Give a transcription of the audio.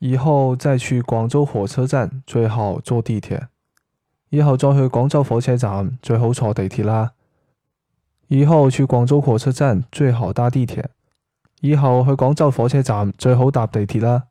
以後再去廣州火車站最好坐地鐵。以後再去廣州火車站最好坐地鐵啦。以後去廣州火車站最好搭地鐵。以後去廣州火車站最好搭地鐵啦。